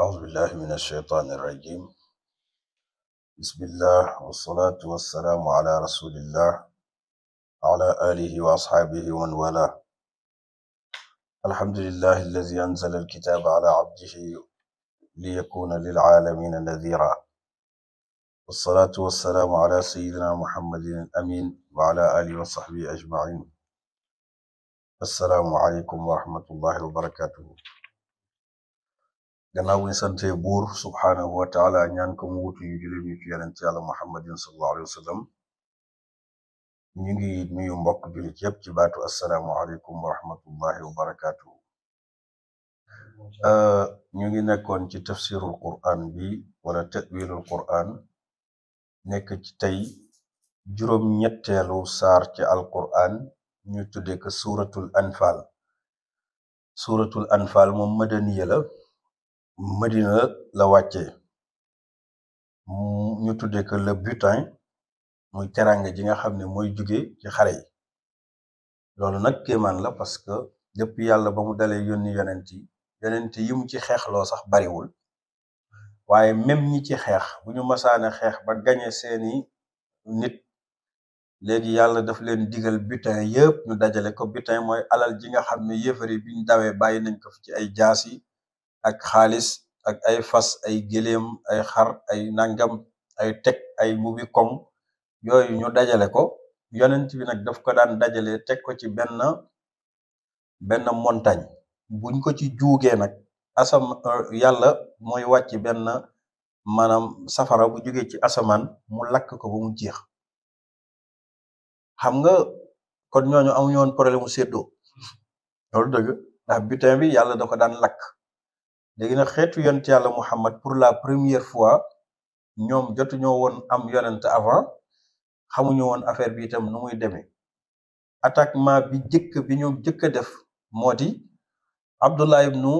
أعوذ بالله من الشيطان الرجيم بسم الله والصلاة والسلام على رسول الله على آله وأصحابه ومن والاه الحمد لله الذي أنزل الكتاب على عبده ليكون للعالمين نذيرا والصلاة والسلام على سيدنا محمد الأمين وعلى آله وصحبه أجمعين السلام عليكم ورحمة الله وبركاته gannaaw buñ sante buur subhanahu wa taala ñaan ko mu ñu julli ñu ci yonent yàlla muhammadin sallallahu alayhi wa sallam ñu ngi nuyu mbokk jullit yépp ci baatu assalaamu aleykum wa rahmatullahi wa barakatuhu euh, ñu ngi nekkoon ci tafsirul qur'an bi wala ta'wilul qur'an nekk ci tay juróom ñetteelu saar ci alqur'an ñu tudde ko suratul anfal suratul anfal moom madaniya la Madina la wàcce ñu tudde ko le butin muy teranga ji nga xam ne mooy jóge ci xare yi loolu nag kéemaan la parce que lépp yàlla ba mu dalee yónni yonent yi yonent yi mu ci xeexloo sax bariwul waaye même ñi ci xeex bu ñu masaane xeex ba gañe seeni nit léegi yàlla daf leen digal butin yëpp ñu dajale ko butin mooy alal ji nga xam ne yéefari biñ dawee bàyyi nañ ko ci ay jaas yi ak xaalis ak ay fas ay gëléem ay xar ay nangam ay teg ay mubi kom yooyu ñu dajale ko yonent bi nag daf ko daan dajale teg ko ci benn benn montagne buñ ko ci juugee nag asam euh, yàlla mooy wàcc benn maanaam safara bu jógee ci asamaan mu lakk ko ba mu jeex xam nga kon ñooñu amuñu woon problème mu séddoo loolu ndax butin bi yàlla da ko daan lakk léegi nag xeetu yonent yàlla Muhammad pour la première fois ñoom jotuñoo woon am yonent avant xamuñu woon affaire bi itam nu muy demee attaquement bi jëkk bi ñu jëkk a def moo di Abdullah ibnu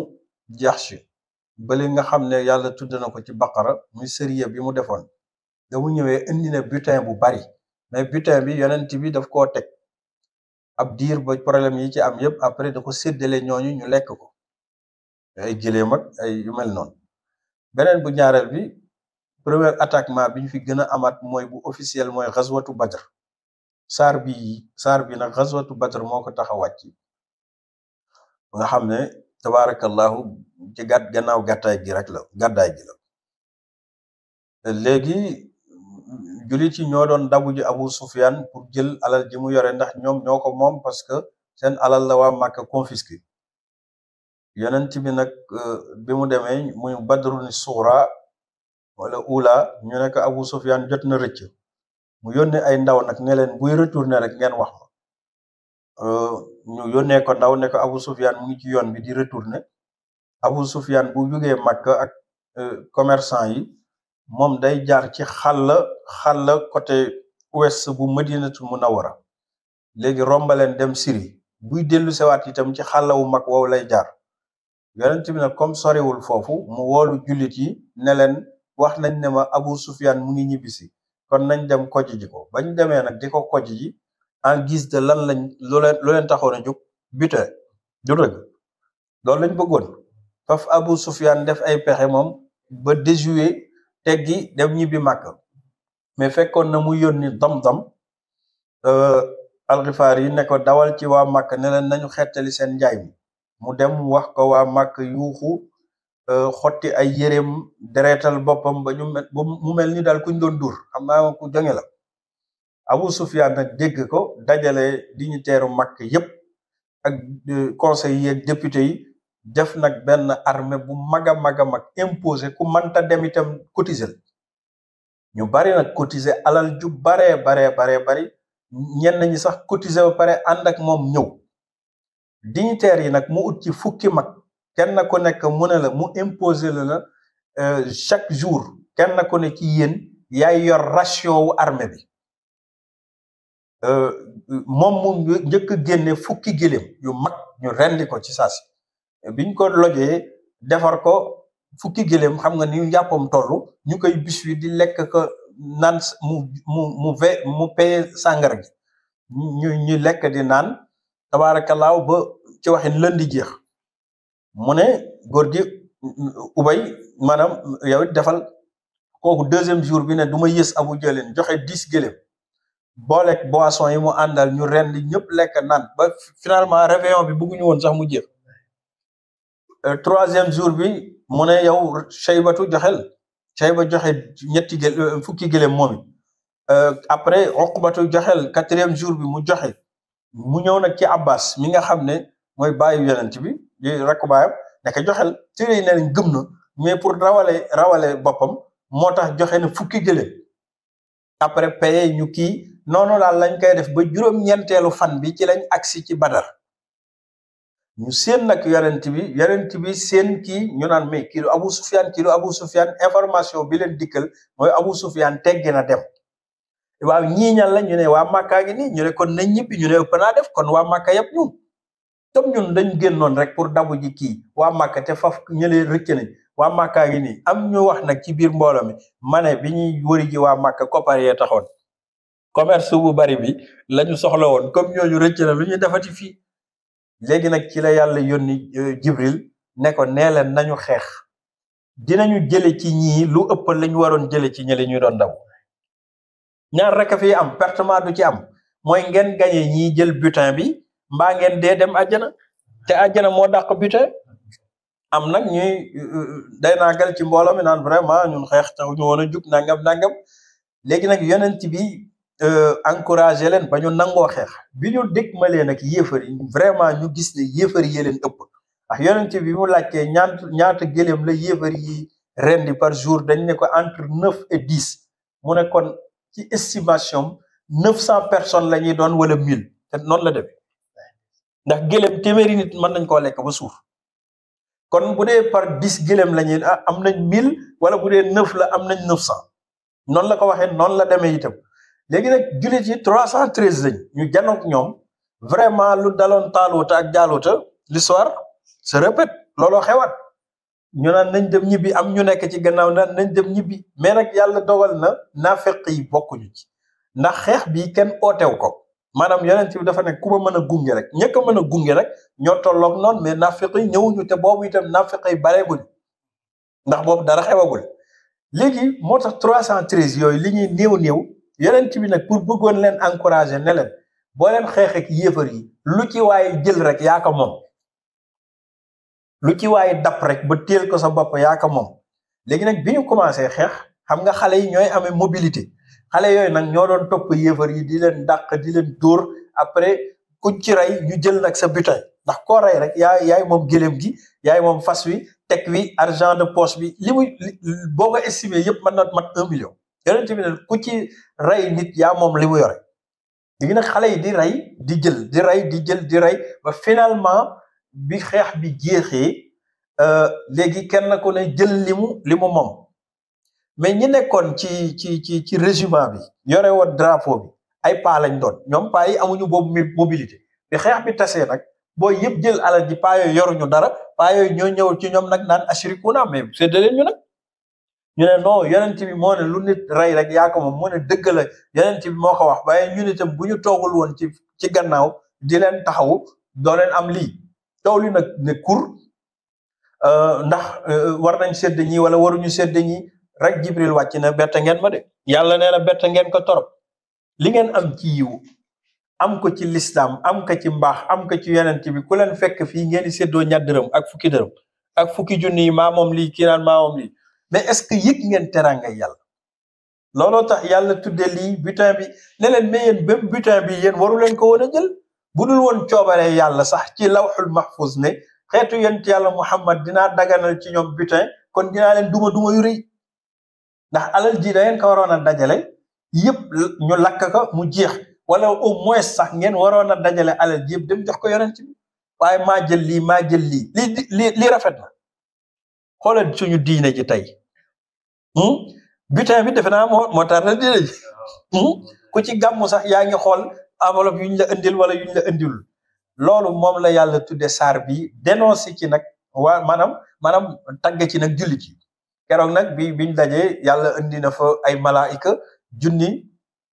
Jahsh bali nga xam ne yàlla tudd na ko ci baqara muy sëriya bi mu defoon da mu ñëwee indi na butin bu bari mais butin bi yonent bi daf koo teg ab diir ba problème yi ci am yëpp après da ko séddale ñooñu ñu lekk ko ay gëléem mag ay yu mel beneen bu ñaareel bi premier attaquement bi ñu fi gën a amaat mooy bu officiel mooy xaswatu badr saar bi saar bi nag xaswatu badr moo ko tax a wàcc nga xam ne tabaarakallahu ci gàtt gannaaw gàttaay gi rek la gàddaay gi la léegi jullit yi ñoo doon dabu ji Abu Sufyan pour jël alal ji mu yore ndax ñoom ñoo ko moom parce que seen alal la waa Màkka confisqué yonent bi nag euh, bi mu demee muy badru ni suura wala ula ñu nekk Abu Sufyan jot na rëcc mu yónnee ay ndaw nag ne leen buy retourné rek ngeen wax ma euh, ñu yónnee ko ndaw ne Abu Sufyan mu ngi ci yoon bi di retourné Abu Sufyan bu jugee Makka ak euh, commerçant yi moom day jaar ci xàll xàll côté ouest bu Madinatu Munawwara léegi rombaleen dem Syrie buy dellu sewaat itam ci xàll wu mag wow lay jaar yonent mi nag comme soriwul foofu mu woolu julit yi ne leen wax nañ ne ma Abu Sufyan mu ngi ñibbisi kon nañ dem koj ji ko bañ demee nag di ko koj ji en guise de lan lañ lu leen lu taxoon a jóg butin du dëgg loolu lañ bëggoon faf Abu Sufyan def ay pexe moom ba déjoué teggi dem ñibbi màkk mais fekkoon na mu yónni dam-dam euh, alxifaar yi ne ko dawal ci waa màkk ne leen nañu xettali seen njaay mi mu dem wax ko waa màkk yuuxu euh, xotti ay yéreem deretal boppam ba ñu mu mel ni daal kuñ doon dur xam naa ku joŋe la Abu Sufyaan nag dégg ko dajale dignitaire u màkk yépp ak euh, conseil yi ak député yi def nag benn armée bu mag a mag a mag imposé ku mënta dem itam cotiser ñu bari nag cotiser alal ju baree baree baree bari ñenn ñi sax cotiser ba pare ànd ak moom ñëw dignitaires yi nag mu ut ci fukki mag kenn ku nekk mu ne la mu imposer la la euh, chaque jour kenn ku ne ci yéen yaay yor ration wu armée bi euh, moom mu njëkk a génne fukki yu mag ñu rendi ko ci saasi biñ ko lojee defar ko fukki gëléem xam nga ni yàppam tollu ñu koy bis di lekk ko nan mu mu mu ve mu paye sàngara gi ñu ñu lekk di naan tabaarakallaaw ba ci waxin lëndi jeex mu ne góor ubay maanaam yow defal kooku deuxième jour bi ne du ma yées abu jëleen joxe dix gëléem booleeg boisson yi mu àndal ñu rend ñëpp lekk naan ba finalement réveillon bi bëgguñu woon sax mu jeex euh, troisième jour bi mu ne yow Shaybatu joxel Shayba joxe ñetti gël euh, fukki moom it euh, après Uqbatu joxel quatrième jour bi mu joxe mu ñëw nag ci abbas mi nga xam ne mooy bàyyi yonent bi di rakk baayam da ko joxel téere yi nee gëm na mais pour rawale rawale boppam moo tax joxe na fukki gëléem après paye ñu kii noonu daal lañ koy def ba juróom-ñeenteelu fan bi ci lañ agsi ci badar ñu seen nag yonent bi yonent bi seen kii ñu naan mais kii lu Abu Sufyaan kii lu Abu Sufyaan information bi leen dikkal mooy Abu Sufyaan teggi na dem waaw ñii ñan la ñu ne waa Màkkaa ngi nii ñu ne kon nañ ñibbi ñu ne ëpp naa def kon waa Màkka yëpp ñun comme ñun dañ génnoon rek pour dabu ji kii waa Màkka te faf ñu leen rëcc waa Màkkaa ngi nii am ñu wax nag ci biir mbooloo mi ma bi ñuy wëri ji waa Màkka koppar yee taxoon commerce bu bari bi lañu soxla woon comme ñooñu rëcc na lu ñu defati fii léegi nag ci la yàlla yónni euh, Jibril ne ko nee leen nañu xeex dinañu jële ci ñii lu ëpp lañu waroon jële ci ñi li ñu doon daw ñaar rek a fi am pertement du ci am mooy ngeen gañe ñiy jël butin bi mbaa ngeen dee dem àjjana te àjjana moo dàq butin am nag ñuy euh, day naagal ci mbooloo mi naan vraiment ñun xeex taxu ñu woon a jug nangam nangam léegi nag yonent bi euh, encouragé leen ba ñu nangoo xeex bi ñu dégg ma leen ak yéefar yi vraiment ñu gis ne yéefar yi leen ëpp ndax yonent bi mu laajtee ñaata ñaata gëléem la yéefar yi rendi par jour dañ ne ko entre neuf et dix mu ne kon ci estimation neuf cent personnes la ñuy doon wala mille te noonu la demee ndax gëlëm téeméeri nit mën nañ koo lekk ba suuf kon bu dee par dix gëlëm la ñuy ah, am nañ mille wala bu dee neuf la am nañ neuf cent noonu la ko waxee noonu la demee itam léegi nag jullit yi trois cent treize lañ ñu janook ñoom vraiment lu daloon taaluuta ak jaaluuta l'histoire se répète looloo xewaat ñu naan nañ dem ñibbi am ñu nekke ci gannaaw naan nañ dem ñibbi mais nag yàlla dogal na naafeq yi bokkuñu ci ndax xeex bi kenn ootew ko maanaam yonent bi dafa ne ku ma mën a gunge rek ñëkk a mën a gunge rek ñoo tolloog noonu mais naafeq yi ñëwuñu te boobu itam naafeq yi bareeguñu ndax boobu dara xewagul léegi moo tax 313 yooyu li ñuy néew néew yonent bi nag pour bëggoon leen encourager ne leen boo leen xeex ak yi lu ci waaye jël rek yaa ko moom. lu ci waaye dapp rek ba téel ko sa bopp yaa ko moom léegi nag bi ñu commencé xeex xam nga xale yi ñooy amee mobilité xale yooyu nag ñoo doon topp yéefar yi di leen dàq di leen dóor après ku ci rey ñu jël nag sa butin ndax koo rey rek yaa yaay moom gëléem gi yaay moom fas wi teg wi argent de poche bi li muy boo ko estimer yëpp mën na mat un million yonent bi ne ku ci rey nit yaa moom li mu yore léegi nag xale yi di ray di jël di rey di jël di rey bi xeex bi jeexee euh, léegi kenn ku ne jël li mu li mu moom mais ñi nekkoon ci ci ci ci régiment bi yore woon drapo bi ay paa lañ doon ñoom paa yi amuñu boobu mobilité bi xeex bi tasee nag booy yëpp jël alal ji paa yooyu yoruñu dara paa ñoo ñëw ci ñoom nag naan ashrikuna mais séddale ñu nag ñu ne non yonent bi moo ne lu nit rey rek yaa ko moom moo ne dëgg la bi moo ko wax waaye ñu ne itam bu ñu toogul woon ci ci gannaaw di leen taxawu doo leen am lii taw li nag ne kur euh, ndax euh, war nañ sedd ñi wala waruñu sedd ñi rek Jibril wàcc na bett ngeen ma de yàlla nee na bett ngeen ko torop li ngeen am ci yiwu am ko ci lislaam am ka ci mbaax am ko ci ci bi ku leen fekk fii ngeen di séddoo ñaar ak fukki dërëm ak fukki junni yi maa moom lii kii naan maa moom lii mais est ce que yëg ngeen teraanga yàlla looloo tax yàlla tudde lii butin bi ne leen mais yéen même butin bi yéen waru leen ko woon a jël bu dul woon coobaree yàlla sax ci law lawxul mahfuz ne xeetu yent yàlla muhammad dinaa daganal ci ñoom butin kon dinaa leen duma duma yu ndax alal ji da ko waroon a dajale yëpp ñu lakk ko mu jeex wala moins sax ngeen waroon a dajale alal yëpp dem jox ko yonent bi waaye maa jël lii maa jël lii lii rafet na xoolal suñu diine ji tey hmm? butin bi defe naa moo moo tax na diine ji hmm? ku ci gàmmu sax yaa ngi xool enveloppe yuñ la indil wala yuñ la indil loolu moom la yàlla tudde saar bi dénoncé ci nag wa maanaam maanaam tagg ci nag jullit ci keroog nag bi biñ dajee yàlla indi na fa ay malaayika junni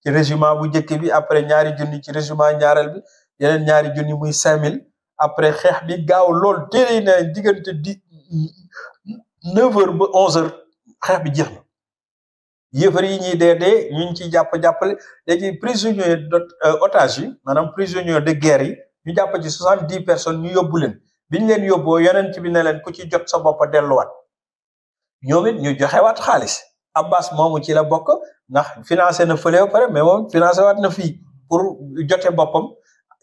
ci régiment bu njëkk bi après ñaari junni ci régiment ñaareel bi yeneen ñaari junni muy cinq mille après xeex bi gaaw lool téere na diggante di neuf heures ba onze heures xeex bi jeex na yëfar yi ñuy dee dee ñu ngi ciy jàpp jàppale léegi prisonniers d'otages euh, yi maanaam prisonniers de guerre yi ñu jàpp ci soixante-dix personnes ñu yóbbu leen biñ leen yóbboo yonent bi ne leen ku ci jot sa bopp delluwaat ñoom it ñu joxewaat xaalis Abbas moomu ci la bokk ndax financé na fële ba pare mais moom financé waat na fii pour jote boppam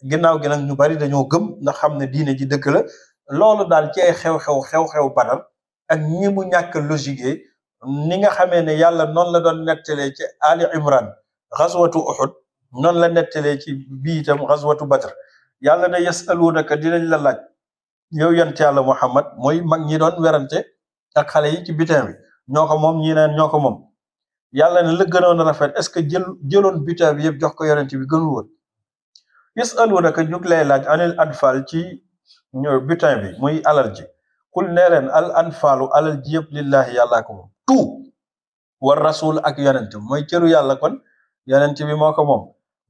ginnaaw gi nag ñu bari dañoo gëm ndax xam ne diine ji dëkk la loolu daal ci ay xew-xew xew-xew Badar ak ñi mu ñàkk logique ni nga xamee ne yàlla noonu la doon nettalee ci Ali Imran xaswatu Uhud noonu la nettalee ci bii itam xaswatu Badr yàlla na ne yasaluunaka dinañ la laaj yow yant yàlla Muhammad mooy mag ñi doon werante ak xale yi ci butin bi ñoo ko moom ñi neen ñoo ko moom yàlla na la gënoon rafet est-ce que jël jëloon butin bi yëpp jox ko yonent bi gënul woon yasaluunaka ñu ngi lay laaj anil anfal ci butin bi mooy alal ji kul nee leen al anfalu alal ji yëpp lillahi yàllaa ko tout war rasul ak yonent mooy cëru yàlla kon yonent bi moo ko moom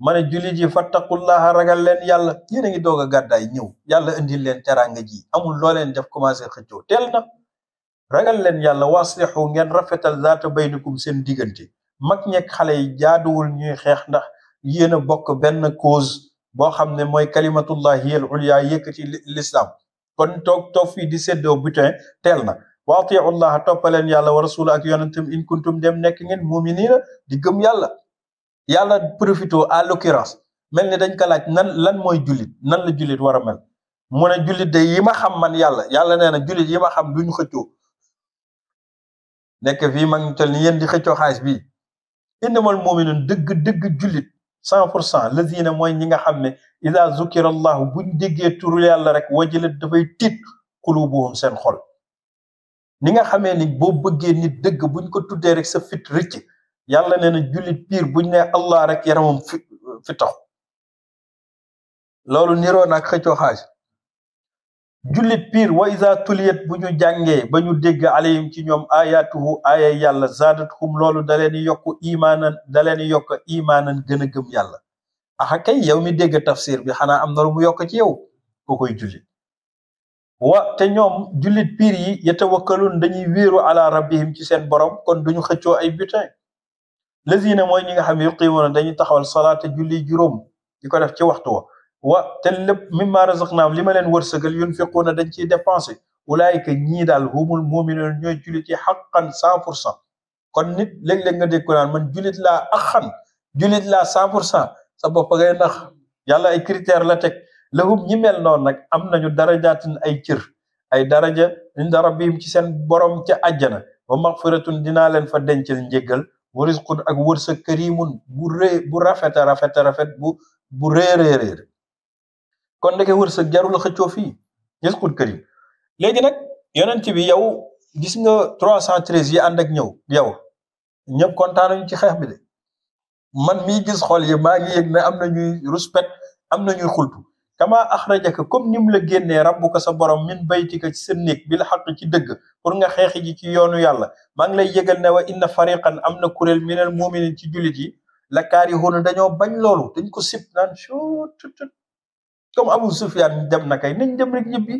ma ne jullit yi fattaqullaha ragal leen yàlla yéen a ngi doog a gàddaay ñëw yàlla indi leen teraanga ji amul loo leen def commencé xëccoo teel na ragal leen yàlla waslixu ngeen rafetal zaata baynikum seen diggante mag ñekk xale yi jaaduwul ñuy xeex ndax yéen a bokk benn cause boo xam ne mooy kalimatullah yel ulya yëkkati l'islam kon toog toog fii di séddoo butin teel na wa atiullaha toppaleen yàlla wa rasula ak yonentam in kuntum dem nekk ngeen muminina di gëm yàlla yàlla profité à l'occurrence mel ni dañ ko laaj nan lan mooy julit nan la jullit war a mel mu julit jullit de yi ma xam man yàlla yàlla nee na jullit yi ma xam duñ xëccoo nekk fii mag ñu tol ni yéen di xëccoo xaalis bii innamal muminun dëgg dëgg jullit cent pour cent lazina mooy ñi nga xam ne ida zukira allahu buñ déggee turu yàlla rek wajilat dafay tiit qulubuhum seen xol ni nga xamee ni bo bëggee ni dëgg buñ ko tudde rek sa fit rëcc yàlla nee na jullit piir bu ne allah rek yaramam fi fi tax loolu niroo naag xëccoo xaaj jullit piir wa iza tuliyat bu ñu jàngee ba ñu dégg alayhim ci ñoom ayatuhu aaya yàlla zaadathum loolu da leen yokk imaanan da leen yokk imaanan gën a gëm yàlla axa kay yow mi dégg tafsir bi xanaa am na lu mu yokk ci yow ko koy jullit wa te ñoom julit piir yi yatawakkalun dañuy wéeru ala rabbihim ci seen borom kon duñu xëccoo ay butin lazina mooy ñi nga xam ne yuqiimuuna dañuy taxawal salaata juli juróom di ko def ci waxtu wa wa te lépp mimma razaqnaahum li ma leen wërsëgal yunfiquuna dañ ciy dépensé ulaayika ñii daal humul muminuun ñooy julit yi xaqan cent pour cent kon nit léeg-léeg nga dégg ko man jullit laa axan jullit laa cent pour cent sa bopp ngay ndax yàlla ay critère la teg lahum ñi mel noonu nag am nañu darajaatin ay cër ay daraja dara rabbihim ci seen borom ca àjjana wa maxfiratun dinaa leen fa dencal njéggal wa risqun ak wërsëg karimun bu rée bu rafet rafet rafet bu bu reere réeréeréer kon ndeke wërsëg jarul xëccoo fii risqun karim léegi nag yonent bi yow gis nga trois cent 313 yi ànd ak ñëw yow ñëpp kontaan nañu ci xeex bi de man mii gis xool yi maa ngi yëg ne am na ñuy respect am na ñuy xultu kama axrajaka comme ni mu la génnee ko sa borom min baytika ci sa néeg bil xaq ci dëgg pour nga xeexi ji ci yoonu yàlla maa ngi lay yëgal ne wa inna fariqan am na kuréel minal muminin ci jullit yi la kaarihuuna dañoo bañ loolu dañ ko sib naan chut comme Abu Sufyaan dem na kay nañ dem rek ñibbi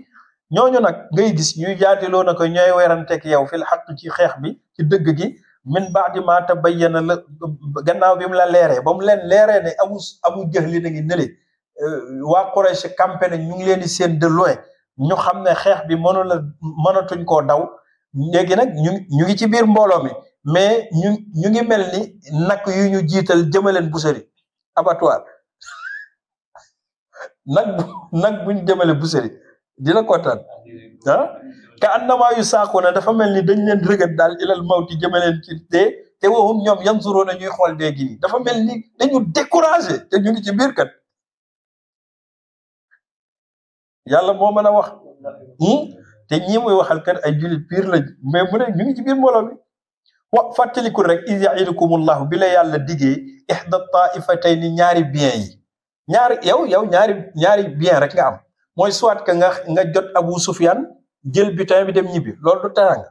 ñooñu nag ngay gis ñuy jaatiloo na ko ñooy weranteeg yow fil xaq ci xeex bi ci dëgg gi min baadi ma tabayyana la gannaaw bi la leeree ba mu leen leeree ne abu abu jahli na ngi Euh, waa Quraysh campé ñu ngi leen di seen de loin ñu xam ne xeex bi mënu la mënatuñ koo daw léegi nag ñu ñu ngi ci biir mbooloo mi mais ñu ñu ngi mel ni nag yu ñu jiital jëmaleen Busiri abattoir nag nag buñ jëmale Busiri dina kontaan ah ka annamaa yu saako na dafa mel ni dañ leen rëgët daal ilal mawti jëmaleen ci dee te waxum ñoom yanzuroo na ñuy xool dee gi dafa mel ni dañu découragé te ñu ngi ci biir kat yàlla moo mën a wax hmm? te ñi muy waxal kat ay jullit piir la mais mu ne ñu ngi ci biir mbooloo mi wa fàttalikul rek iz ya'idukumullahu bi bila yàlla diggee ihda taifatayni ñaari bien yi ñaari yow yow ñaari ñaari bien rek nga am mooy soit que nga nga jot Abu Sufyan jël butin bi dem ñibbi lool du teranga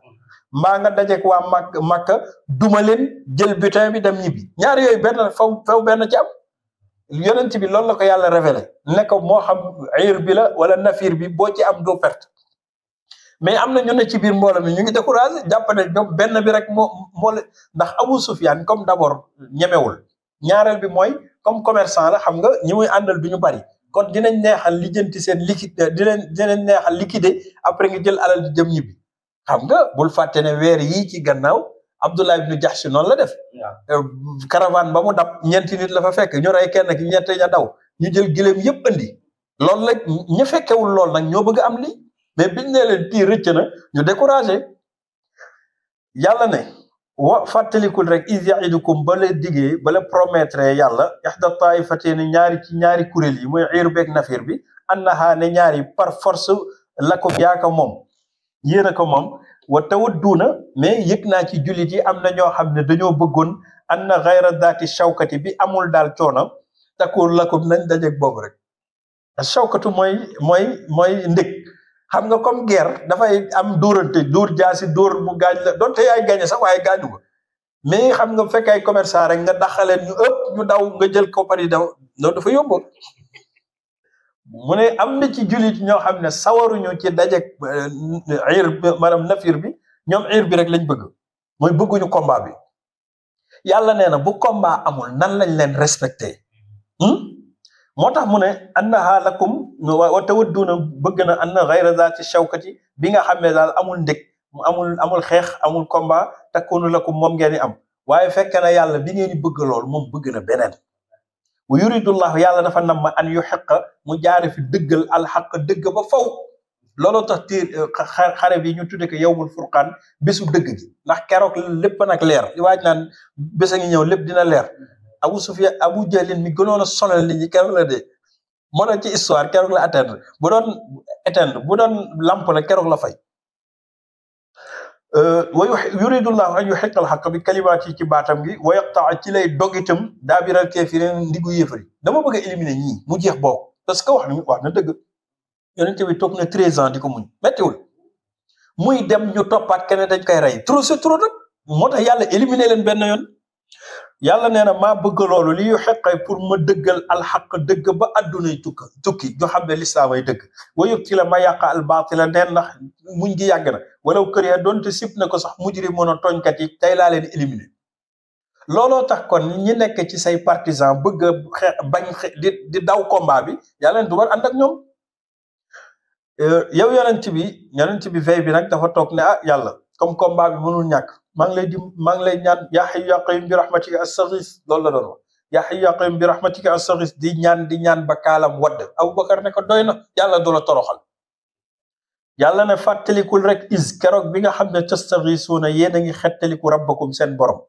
mbaa nga dajeeg waa Makka Makka duma leen jël butin bi dem ñibbi ñaari yooyu benn faw faw benn ci am yonent bi lool la ko yàlla révélé ne ko moo xam ayir bi la wala nafiir bi boo ci am doo perte mais am na ñun ne ci biir mbooloo mi ñu ngi découragé jàpp ne ñoom benn bi rek moo moo ndax Abu Sufyaan comme d'abord ñemewul ñaareel bi mooy comme commerçant la xam nga ñi muy àndal du ñu bari kon dinañ neexal lijjanti seen liquide dinañ dinañ neexal liquide après nga jël alal jëm ñibbi xam nga bul fàtte ne weer yii ci gannaaw. Abdullah ibn Jahsh noonu la def eh, caravane ba mu dab ñeenti nit la fa fekk ñu rey kenn ki ñetti ña daw ñu jël gileem yëpp andi loolu la ñu fekkewul lool nag ñoo bëgg am li mais biñ nee leen tii rëcc na ñu découragé yàlla ne wa fàttalikul rek is yaidukum ba la digee ba la promettre yàlla ixda taifatayni ñaari ci ñaari kuréel yi mooy iir beeg nafir bi annaha ne ñaari par force la ko yaaka moom yéen ko moom wa tawadduuna mais yëg naa ci jullit yi am na ñoo xam ne dañoo bëggoon an na xayra daati shawkati bi amul daal coono takuur lakum nañ dajeeg boobu rek shawkatu mooy mooy mooy ndëg xam nga comme guerre dafay am dóorante dóor jaasi dóor bu gaañ la donte yaay gaañe sax waaye gaañu ko mais xam nga fekk ay commerçant rek nga daxaleen ñu ëpp ñu daw nga jël ko daw loolu dafa yóbbu mu ne am na ci julit ñoo xam ne sawaruñu ci dajeg euh, ir maanaam nafir bi ñoom ir bi rek lañ bëgg mooy bëgguñu komba bi yàlla nee na bu combat amul nan lañ leen respecté hmm? moo tax mu ne annaha lakum wa tawadduuna bëgg na anna ghayra zaati shawkati bi nga xam ne daal amul ndég amul amul xeex amul combat takunu lakum moom ngeen di am waaye fekk na yàlla bi ngeen bëgg lool moom bëgg na beneen wa yuridullahu yàlla dafa nam ma an yu xeq mu jaare fi dëggal alxaq dëgg ba faw looloo tax ti xare bi ñu tudde ko yowmul furqaan bésu dëgg gi ndax keroog lépp nag leer li waaj naan bés ngi ñëw lépp dina leer abu sufya abu jahlin mi gënoon a sonal nit ñi keroog la de moo tax ci histoire keroog la atteindre bu doon éteindre bu doon lamp la keroog la fay wa yuridu llahu an yuxiqa alxaqa bi kalimaat yi ci baatam gi wa yaqtaa ci lay dog itam daabiral kaafiriin ndigu yéefari dama bëgg a éliminer mu jeex bokk parce que wax na wax na dëgg yonent bi toog na treize ans di ko muñ méttiwul muy dem ñu toppaat keneen dañ koy rey trop c'est trop moo tax yàlla éliminer leen benn yoon yàlla nee na maa bëgg loolu li yu xeqay pour ma dëggal alxaq dëgg ba addunay tukka tukki jo xam ne lislaamay dëgg wayu ci la ma yàqa albaatila neen na muñ gi yàgg na walaw kër ya doonte sib na ko sax mujri mën a tooñkat yi tey laa leen éliminer looloo tax kon ñi nekk ci say partisan bëgg a xe bañ di daw combat bi yàlla leen dugal ànd ak ñoom euh, yow yonent bi yonent bi vey bi nag dafa toog ne ah yàlla comme combat bi mënul ñàkk maa ngi lay di maa ngi lay ñaan yaa hayyu yaa qayyum bi rahmatika astaghis loolu la doon yaa hayyu yaa qayyum bi rahmatika astaghis di ñaan di ñaan ba kaalam wadd a ne ko doy na yàlla du toroxal yàlla ne fàttalikul rek is keroog bi nga xam ne tastaghisuuna yéen a ngi xettaliku rabbakum seen borom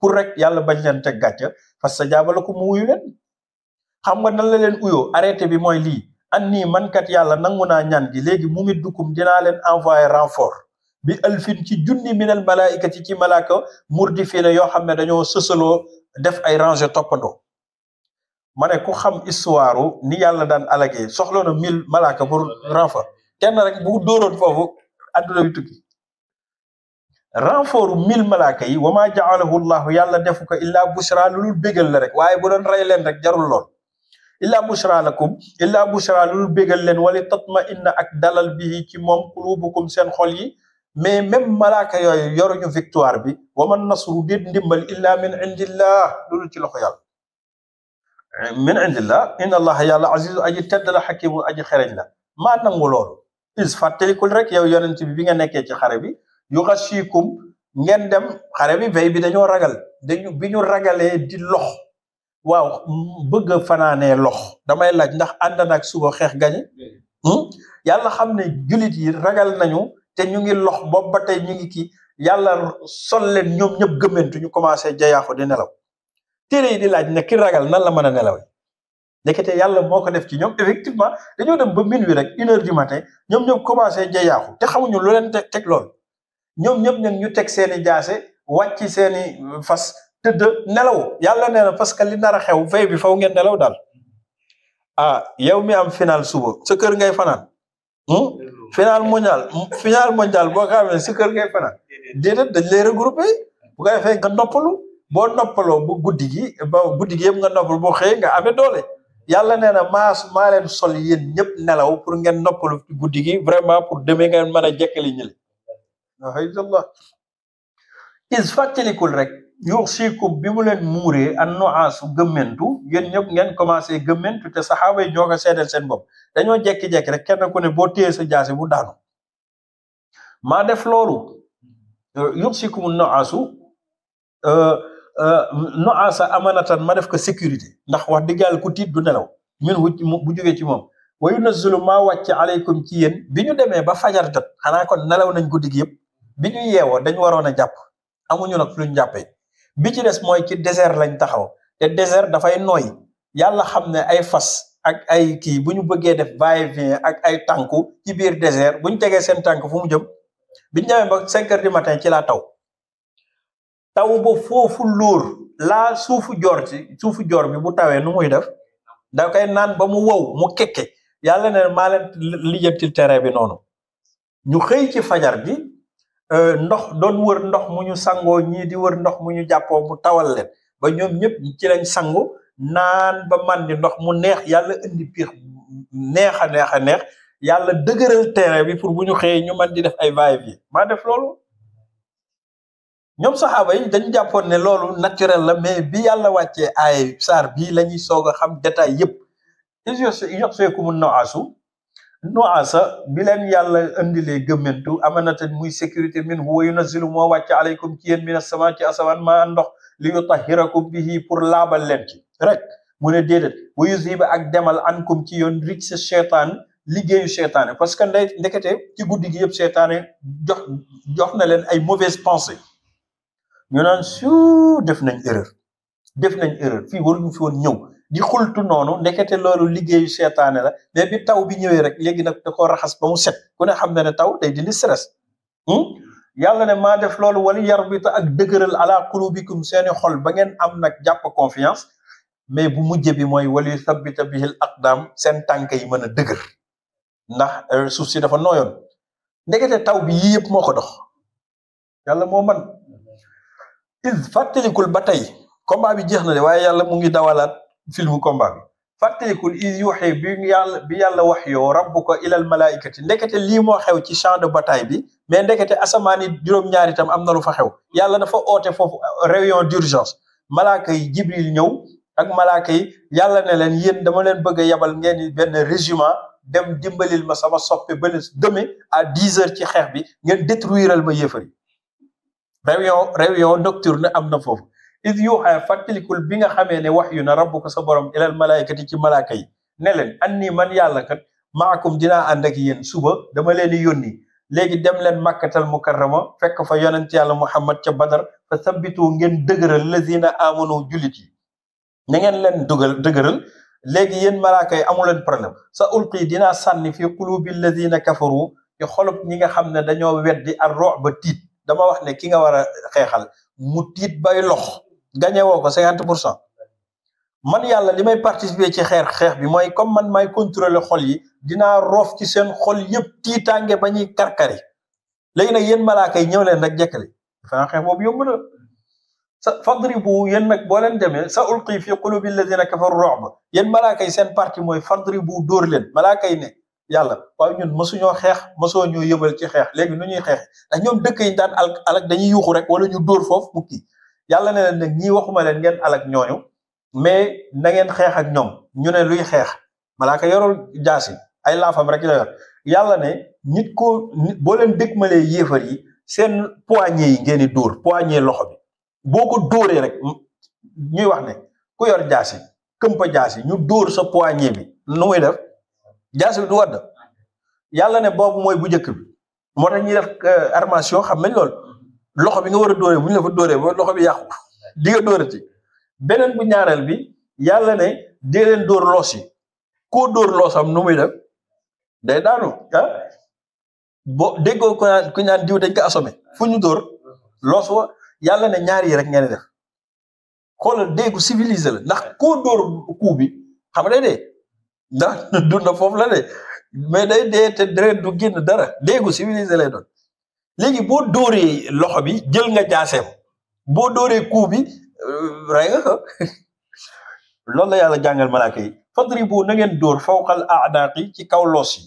pour rek yàlla bañ leen teg gàcce fastajaaba lakum mu wuyu leen xam nga nan la leen uyoo arrêté bi mooy lii an nii man kat yàlla nangu naa ñaan gi léegi mu mit dukum dinaa leen envoyé renfort bi alfin ci junni minal malaayikati ci malaaka murdifiina yoo xam ne dañoo sësaloo def ay rangé toppandoo ma ne ku xam histoire ni yàlla daan alagee soxla na mille malaaka pour renfort kenn rek bu dóoroon foofu adduna bi tukki renfort mille malaaka yi wa maa ja'alahu llahu yàlla defu ko illaa bushra lulul bégal la rek waaye bu doon rey leen rek jarul lool illaa bushra lakum illaa bushra lulul bégal leen wali tatma inna ak dalal bihi ci moom qulubukum seen xol yi mais même malaaka yooyu yoruñu victoire bi wa man nasru déet ndimbal illa min indillah loolu ci loxo yàlla min indillah inna allaha yàlla azizu aji tedd la xakimu aji xereñ la maa nangu loolu is fàttalikul rek yow yonent bi bi nga nekkee ci xare bi yu xasiikum ngeen dem xare bi bay bi dañoo ragal dañu bi ñu ragalee di lox waaw bëgg a lox damay laaj ndax ànd na ak suba xeex gañe hmm? yàlla xam ne jullit yi ragal nañu te ñu ngi lox boobu ba tey ñu ngi kii yàlla sol leen ñoom ñëpp gëmmentu ñu commencé jayaaxu di nelaw téere yi di laaj na ki ragal nan la mën a nelaw ndekete yàlla moo ko def ci ñoom effectivement dañoo dem ba minuit rek une heure du matin ñoom ñëpp commencé jayaaxu te xamuñu lu leen teg teg lool ñoom ñëpp nag ñu teg seeni jaase wàcc seeni euh, fas tëdd nelaw yàlla nee na parce que li nar a xew fay bi faw ngeen nelaw daal ah yow mi am final suba sa kër ngay fanaan Hmm? final mondial hmm? final mondial boo ko amee si kër ngay fanaan déedéet dañ lay regroupé bu ko defee nga noppalu boo noppaloo bu guddi gi ba guddi gi nga noppalu boo xëyee nga amee doole yàlla nee na maa maa leen sol yéen ñëpp nelaw pour ngeen noppalu ci guddi gi vraiment pour demee ngeen mën a jekkali ñële. alhamdulilah is fàttalikul rek. ñoo siikum bi mu leen muuree an noaasu gëmmentu yéen ñëpp ngeen commencé gëmmentu te saxaaba yi ñoo ko seedeel seen bopp dañoo jekki-jekki rek kenn ku ne boo téyee sa jaase bu daanu maa def loolu yux siikum noaasu euh, euh, noaasa amanatan ma def ko sécurité ndax wax dëgg yàlla ku tiit du nelaw min bu jógee ci moom wayu nazulu maa wàcc aleykum ci yéen bi ñu demee ba fajar jot xanaa kon nelaw nañ guddi yëpp bi ñu yeewoo dañ waroon a jàpp amuñu nag luñ jàppee bi ci des mooy ci désert lañ taxaw te désert dafay nooy yàlla xam ne ay fas ak ay kii bu ñu bëggee def va et ak ay tànku ci biir désert bu ñu tegee seen tànk fu mu jëm biñ demee ba cinq du matin ci laa taw taw ba foofu luur laa suufu joor joor bi bu tawee nu muy def da naan ba mu wow mu kekke yàlla ne maa leen lijjantil terrain bi noonu ñu xëy ci fajar gi Euh, ndox doon wër ndox mu ñu sangoo ñii di wër ndox mu ñu jàppoo mu tawal ba ñoom ñëpp ci lañ sangu naan ba man di ndox mu neex yàlla indi piix neex a neex a neex yàlla dëgëral terrain bi pour bu ñu xëyee ñu man di def ay vaye bi maa def loolu ñoom saxaaba yi dañ jàppoon ne loolu naturel la mais bi yàlla wàccee ay saar bii lañuy ñuy soog a xam détail yëpp is yox seeku mun na asu nuasa bi leen yàlla indile indilee gëmmentu amanatan muy sécurité min huwa yunazzilu moo wàcc aleykum ci yéen mina sama ci asamaan maa ndox li yutahhirakum bihi pour laabal leen ci rek mu ne déedéet wa yuzhiba ak demal ankum ci yoon ric sa seytaan liggéeyu seytaane parce que ndey ndekete ci guddi gi yëpp seytaane jox jox na leen ay mauvaise pensée ñu naan su def nañ erreur def nañ erreur fii waruñu fi woon ñëw di xultu noonu ndekete loolu liggéeyu seetaane la mais bi taw bi ñëwee rek léegi nag da koo raxas ba mu set ku ne xam na ne taw day dindi stress hmm? yàlla ne maa def loolu wala yarbita ak dëgëral ala qulubikum seeni xol ba ngeen am nag jàpp confiance mais bu mujj bi mooy wali thabita bihil aqdam seen tànk yi mën a dëgër ndax euh, suuf si dafa nooyoon ndekete taw bi yii yëpp moo ko dox yàlla moo man is fàttalikul ba tey combat bi jeex na de waaye yàlla mu ngi dawalaat filmu combat bi i is yuxe bi yàlla bi yàlla wax yoo ko ilal malaikati ndekete lii moo xew ci champ de bataille bi mais ndekete asamaan yi juróom-ñaari itam am na lu fa xew yàlla fa oote foofu euh, réunion d'urgence malaaka yi jibril ñëw ak malaaka yi yàlla ne leen yéen dama leen bëgg a yabal ngeen benn régiment dem dimbalil ma sama soppe ba demain à dix heures ci xeex bi ngeen détruiral ma yéefar yi réunion réunion na am na foofu id yuuxa fàttalikul bi nga xamee ne wax yu na rabbuka sa borom ilal malaayikati ci malaaka yi ne leen ni man yàlla kat maakum dinaa ànd ak yéen suba dama leen di yónni léegi dem leen màkkatal mukarrama fekk fa yonent yàlla muhammad ca badar fa sabbitu ngeen dëgëral lazina amanu jullit yi na ngeen leen dugal dëgëral léegi yéen malaaka yi amu leen problème sa ulqi dinaa sànni fi qulubi lazina kafaru ci xolub ñi nga xam ne dañoo weddi ar rox ba tiit dama wax ne ki nga war a xeexal mu tiit bay lox gañe ko cinquante pour cent man yàlla li may participer ci xeex xeex bi mooy comme man may contrôler xol yi dinaa roof ci seen xol yëpp tiitaange ba ñuy karkari léegi nag yéen malaaka yi ñëw leen nag jekkali fanaa xeex boobu yomb na sa bu yéen nag boo leen demee sa ulqi fi qulubi alladina kafaru ru'b yéen malaaka yi seen parti mooy fadribu dóor leen malaaka yi ne yàlla waaw ñun mësuñoo xeex mësoo ñu yëbal ci xeex léegi nu ñuy xeex ndax ñoom dëkk yi daan alak dañuy yuuxu rek wala ñu dóor foofu mukki yàlla ne leen nag ñii waxuma leen ngeen alak ñooñu mais na ngeen xeex ak ñoom ñu ne luy xeex malaaka yorul jaasi ay laafam rek la yor yàlla ne nit ko boo leen dëgmalee yéefar yi seen poignée yi ngeen di pois poignée loxo bi boo ko dóoree rek ñuy wax ne ku yor jaasi këmpa jaasi ñu dóor sa poignée bi nu muy def jaasi bi du wadd yàlla ne boobu mooy bu njëkk bi moo tax ñuy def euh, armation xam nañ loolu loxo bi nga war a dóoree bu ñu la fa doore ba loxo bi yàqu di nga ti beneen bu ñaareel bi yàlla ne dee leen dóor loos yi koo dóor loosam nu muy def day daanu ah. boo déggoo ku ku ñaan diw dañ ko assommé fu ñu dóor loos wa yàlla ne ñaar yi rek ngeen def xoolal déggu civilisé la ndax koo dóor kuu bi xam nga day dee ndax dund foofu la de mais day dee te deret du génn dara déggu civilisé lay doon. léegi boo dóoree loxo bi jël nga jaaseem boo dóoree coup bi euh, rey yàlla jàngal malaaka yi fadribu na ngeen dóor fawqal aadaaqi ci kaw loos yi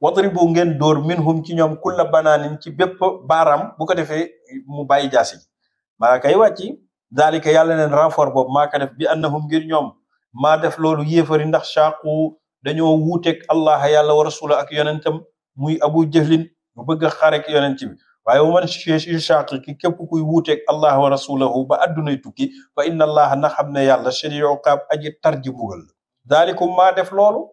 wadribu ngeen dóor minhum ci ñoom kulla banaanin ci bépp baaraam bu ko defee mu bàyyi jaasi malaaka yi wàcci daalika yàlla neen renfort boobu maa def bi annahum ngir ñoom maa def loolu yéefari ndax saaqu dañoo wuuteeg allah yàlla wa rasula ak yonentam muy abu jahlin ba bëgg a xaarek yonent bi waaye wa man yushaqiqi képp kuy wuuteeg allah wa rasulahu ba addunay tukki fa inna allaha na xam ne yàlla shadiid iqaab aji tar ji mbugal la daalikum maa def loolu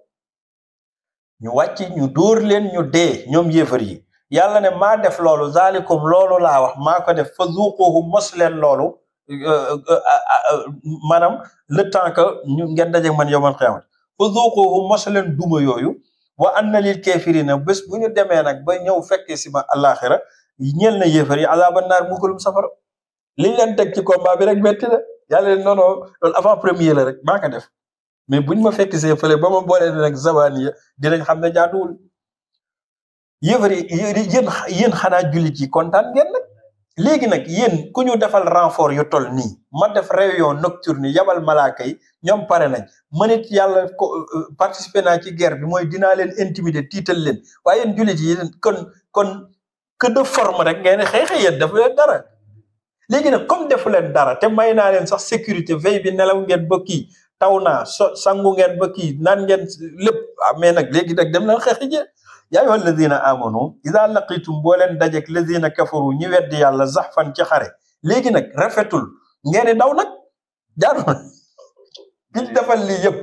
ñu wàcc ñu dóor leen ñu dee ñoom yéefar yi yàlla ne maa def loolu zaalikum loolu laa wax maa ko def fa zuuquhu mos leen loolu euh, euh, euh, maanaam le temps que ñu ngeen dajeeg man yow man fa zuuquhu mos leen duma yooyu wa anna lil kafirina bés bu ñu demee nag ba ñëw fekkee si ma àllaaxira ñeel na yéefar yi azaaba naar mbugalum safara liñ leen teg ci combat bi rek metti na yàlla leen non avant premier la rek maa ko def mais buñ ma fekk see fële ba ma boolee ne nag zabaniya dinañ xam ne jaaduwul yéefar yi yéen yéen xanaa jullit yi kontaan ngeen nag léegi nag yéen ku ñu defal renfort yu toll nii ma def réunion nocturne yabal malaaka yi ñoom pare nañ man it yàlla ko euh, participer naa ci guerre bi mooy dinaa leen intimider tiital leen waaye yéen jullit yi kon kon que de forme rek ngeen xeexe yéen defu leen dara léegi nag comme defu leen dara te may naa leen sax sécurité veille bi nelaw ngeen ba kii taw naa so sangu ngeen ba kii naan ngeen lépp ah mais nag léegi nag dem na xeexe jë yaa ayyuha alladina amanu ida laqitum boo leen dajeek lazina kafaru ñi weddi yàlla zaxfan ci xare léegi nag rafetul ngeen daw nag jaadu na biñ defal lii yëpp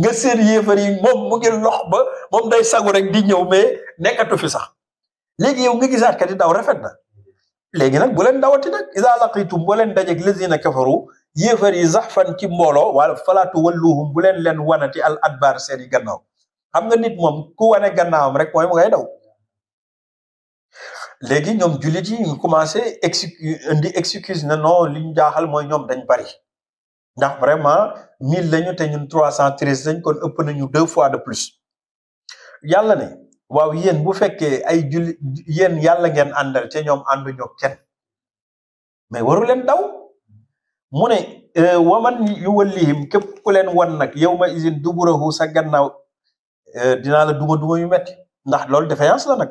nga seen yéefar yi moom mu ngi lox ba moom day sagu rek di ñëw mais nekkatu fi sax léegi yow nga gisaat kat yi daw rafet na léegi nag bu leen dawati nag ida laqitum boo leen dajeek lazina kafaru yéefar yi zaxfan ci mbooloo wala falaatu walluhum bu leen leen wanati al adbaar seen i gannaaw xam nga nit moom ku wane gannaawam rek mooy mu ngay daw léegi ñoom jullit yi ñu commencé excu indi excuse na non li ñu jaaxal mooy ñoom dañ bari ndax vraiment mille lañu te ñun trois cent treize lañ kon ëpp nañu deux fois de plus yàlla ne waaw yéen bu fekkee ay jullit yéen yàlla ngeen àndal te ñoom ànduñu kenn mais waru leen daw mu ne euh, waman yu wallihim képp ku leen wan nag yow ma isin duburahu sa gannaaw Eh, dinaa la duma duma yu metti ndax loolu défaillance la nag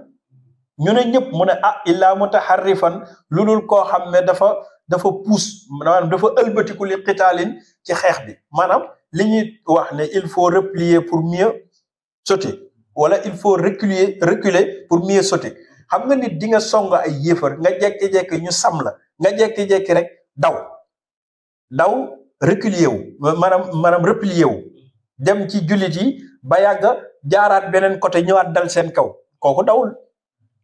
ñu ne ñëpp mu ne ah illaa mutaharrifan lu dul koo xam ne dafa dafa puus maanaam dafa ëlbatiku li qitaalin ci xeex bi maanaam li ñuy wax ne il faut replier pour mieux sauter wala il faut reculer reculer pour mieux sauter xam nga nit di nga song ay yéefar nga jekki-jekki ñu sam la nga jekki-jekki rek daw daw reculer wu maanaam maanaam replier wu dem ci jullit ba yàgga jaaraat beneen côté ñëwaat dal seen kaw kooku dawul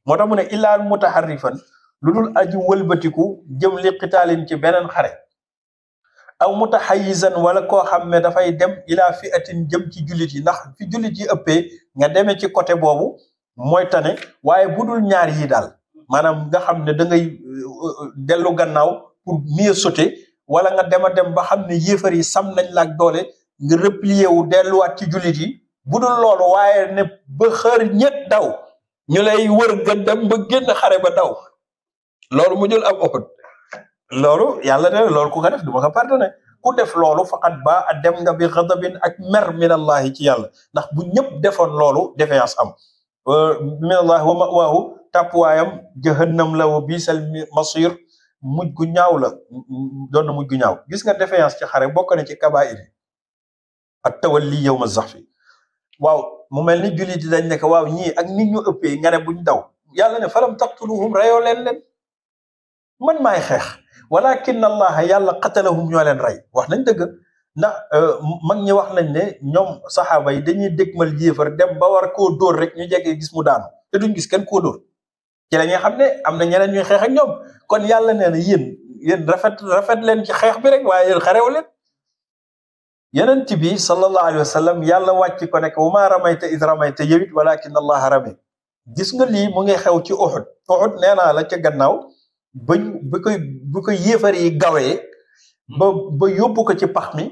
moo tax mu ne illaa mutaharrifan lu dul aju walbatiku jëm li qitaalin ci beneen xare aw mutahayyizan wala koo xam ne dafay dem ilaa fi atin jëm ci jullit yi ndax fi jullit yi ëppee nga demee ci côté boobu mooy tane waaye bu dul ñaar yi daal maanaam nga xam ne da ngay euh, dellu gannaaw pour mieux sauter wala nga dema dem ba xam ne yéefar yi sam nañ laak doole nga replier wu delluwaat ci jullit yi bu dul loolu waaye ne ba xër ñett daw ñu lay wër nga dem ba génn xare ba daw loolu mu jël ab oxut loolu yàlla ne lool ku ga def du ma ko pardonné ku def loolu faqat ba a dem nga bi xadabin ak mer min allahi ci yàlla ndax bu ñëpp defoon loolu défiance am euh, min allahi wa mawaahu tàppuwaayam nam la wa biisal masir muj gu ñaaw la doon na muj gu ñaaw gis nga défiance ci xare bokk na ci kabaa'ir ak tawalli yawma zahfi waaw mu mel ni jullit yi dañ nekk waaw ñii ak ni ñu ëppee nga ne buñ daw yàlla ne falam taqtuluhum reyoo leen leen man maay xeex walakin allaha yàlla qatalahum ñoo leen rey wax nañ dëgg ndax euh, mag ñi wax nañ ne ñoom saxaaba yi dañuy dégmal yéefar dem ba war ko dóor rek ñu jege gis mu daan te duñ gis kenn koo dóor ci la xam ne am na ñeneen ñuy xeex ak ñoom kon yàlla nee na yéen yéen rafet rafet leen ci xeex bi rek waaye yéen xarew leen yonent bi sallallahu alayhi wa yàlla wàcc ko nekk wa maa ramayta id ramayta yow it walakin allaha rami gis nga lii mu ngi xew ci Uhud Uhud nee naa la ca gannaaw bañ bi koy bi koy yéefar yi gawee ba ba yóbbu ko ci pax mi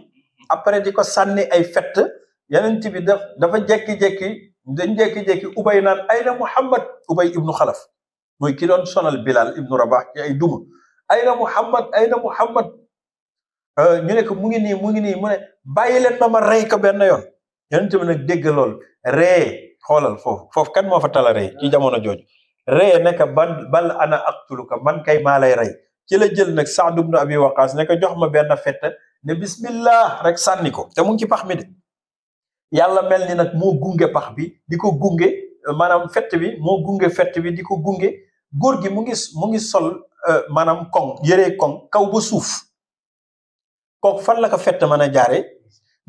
après di ko sànni ay fett yonent bi daf dafa jekki-jekki dañ jekki-jekki ubay naan ayna Muhammad ubay ibnu xalaf mooy ki doon sonal Bilal ibnu Rabah ci ay duma ayna Muhammad ayna Muhammad euh, ñu ne mu ngi nii mu ngi bàyyi leen ba ma rey ko benn yoon yonent bi nag dégg lool ree xoolal foofu foofu kan moo fa tala rey ci jamono jooj ree ne ka ban bal ana aqtuluka man kay maa lay rey ci la jël nag Saad ibn Abi Waqaas ne ko jox ma benn fett ne bismillah rek sànni ko te mu ci pax mi de yàlla mel ni nag moo gunge pax bi di ko gunge maanaam fett bi moo gunge fett bi di ko gunge góor gi mu ngi mu ngi sol euh, maanaam koŋ yëree koŋ kaw ba suuf kooku fan la ko fett mën a jaare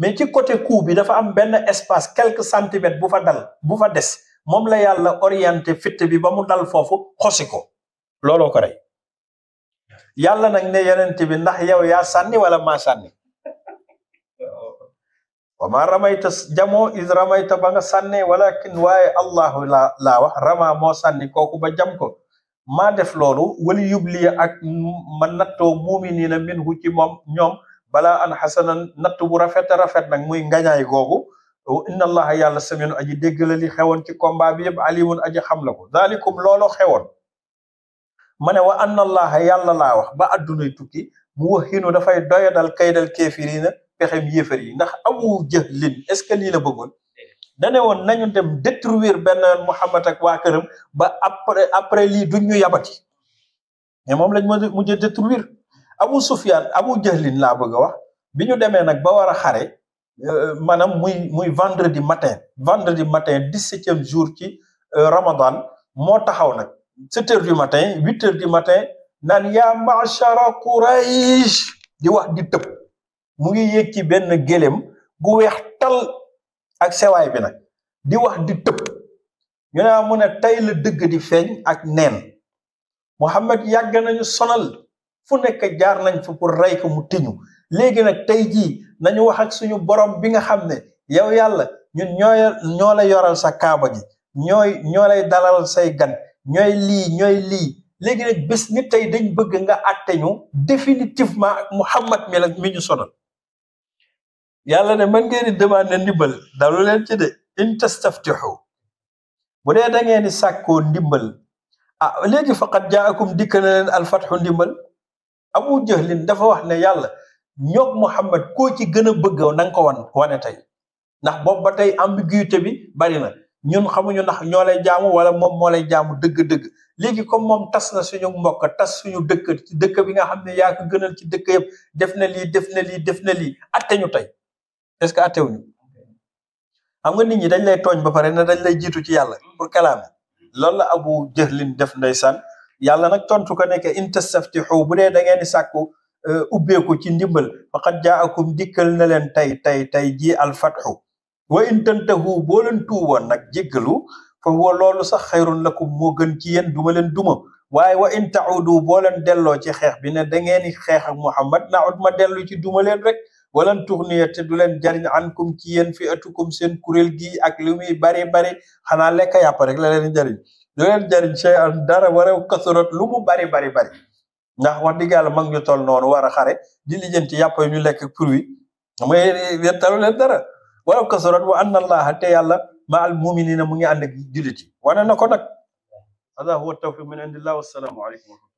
mais ci côté cou bi dafa am benn espace quelque centimètres bu fa dal bu fa des moom la yàlla orienté fitt bi ba mu dal foofu xosi ko looloo ko rek yàlla nag ne yonent bi ndax yow yaa sànni wala ma sànni wa maa ramayta jamoo is ramayta ba nga sànne walakin waaye allahu laa laa wax rama moo sànni kooku ba jam ko maa def loolu wali yubli ak ma nattoo muuminiina minhu ci moom ñoom balaa an xasanan natt bu rafet a rafet nag muy ngañaay googu inna allaha yàlla samiun aji dégg la li xewoon ci combat bi yëpp alimun aji xam la ko dalikum looloo xewoon ma ne wa anna allaha yàlla laa wax ba addunay tukki mu waxinu dafay doyadal kaydal kéefirina pexem yéefar yi ndax abu jahlin est ce que lii la bëggoon dane woon nañu dem détruire benn Muhammad ak waa këram ba après après lii duñ ñu yabati mais moom lañ mujj détruire Abu Sufyaan Abu Jahlin laa bëgg a wax bi ñu demee nag ba war a xare euh, maanaam muy muy vendredi matin vendredi matin dix-septième jour ci euh, Ramadan moo taxaw nag sept heures du matin huit heures du matin naan yaa ma'shara Quraysh di wax di tëb mu ngi yéeg ci benn gélém gu weex tal ak sewaay bi nag di wax di tëb ñu ne mu tey la dëgg di feeñ ak neen Muhammad yàgg nañu sonal fu nekk jaar nañ fa pour rey ko mu tiñu léegi nag tey jii nañu wax suñu borom bi nga xam ne yow yàlla ñun ñooy ñoo la yoral sa kaaba gi ñooy ñoo lay dalal say gan ñooy lii ñooy lii léegi nag bés ni tey dañ bëgg nga àtte ñu définitivement ak Muhammad mi la mi ñu sonal yàlla ne mën ngeen di demander ndimbal dalu leen ci de in bu dee da ngeen di sàkkoo ndimbal ah léegi faqat jaakum dikk na leen alfatxu ndimbal abu jahlin dafa wax ne yàlla ñoog Muhammad koo ci gën a bëgg na nga ko wan wane tey ndax boobu ba tey ambiguïté bi bari na ñun xamuñu ndax ñoo lay jaamu wala moom moo lay jaamu dëgg-dëgg léegi comme moom tas na suñu mbokk tas suñu dëkk dëkk bi nga xam ne yaa ko gënal ci dëkk yëpp def na lii def na lii def na lii atte ñu tey est ce que xam nga nit ñi dañ lay tooñ ba pare ne dañ lay jiitu ci yàlla pour kalaame loolu la abu jahlin def ndeysaan yàlla nag tontu ko nekk in tastaftihu bu dee da ngeen di sàkku eh, ubbeeku ci ndimbal faqad jaakum dikkal na leen tey tey tey ji alfatxu wa in tantahu boo leen tuuboon nag jéggalu fa wa loolu sax xayrun lakum moo gën ci yéen duma leen duma waaye wa in taudu boo leen delloo ci xeex bi ne da ngeen di xeex ak Muhammad naud ma dellu ci duma leen rek walan tuxniya te du leen jariñ ankum ci yéen fi atukum seen kuréel gi ak li muy bari bari xanaa lekk yàpp rek la leen jariñ du leen jariñ sey an dara waraw kasurat lu mu bari bari bari ndax wax dëgg yàlla mag ñu toll noonu war a xare di lijjanti yàpp ñu lekk pour wi mooy talu leen dara waraw kasurat wa anna allaha te yàlla ma al muminina mu ngi ànd ak julliti wane na ko nag hada huwa tawfiq min indillah wassalaamu aleykum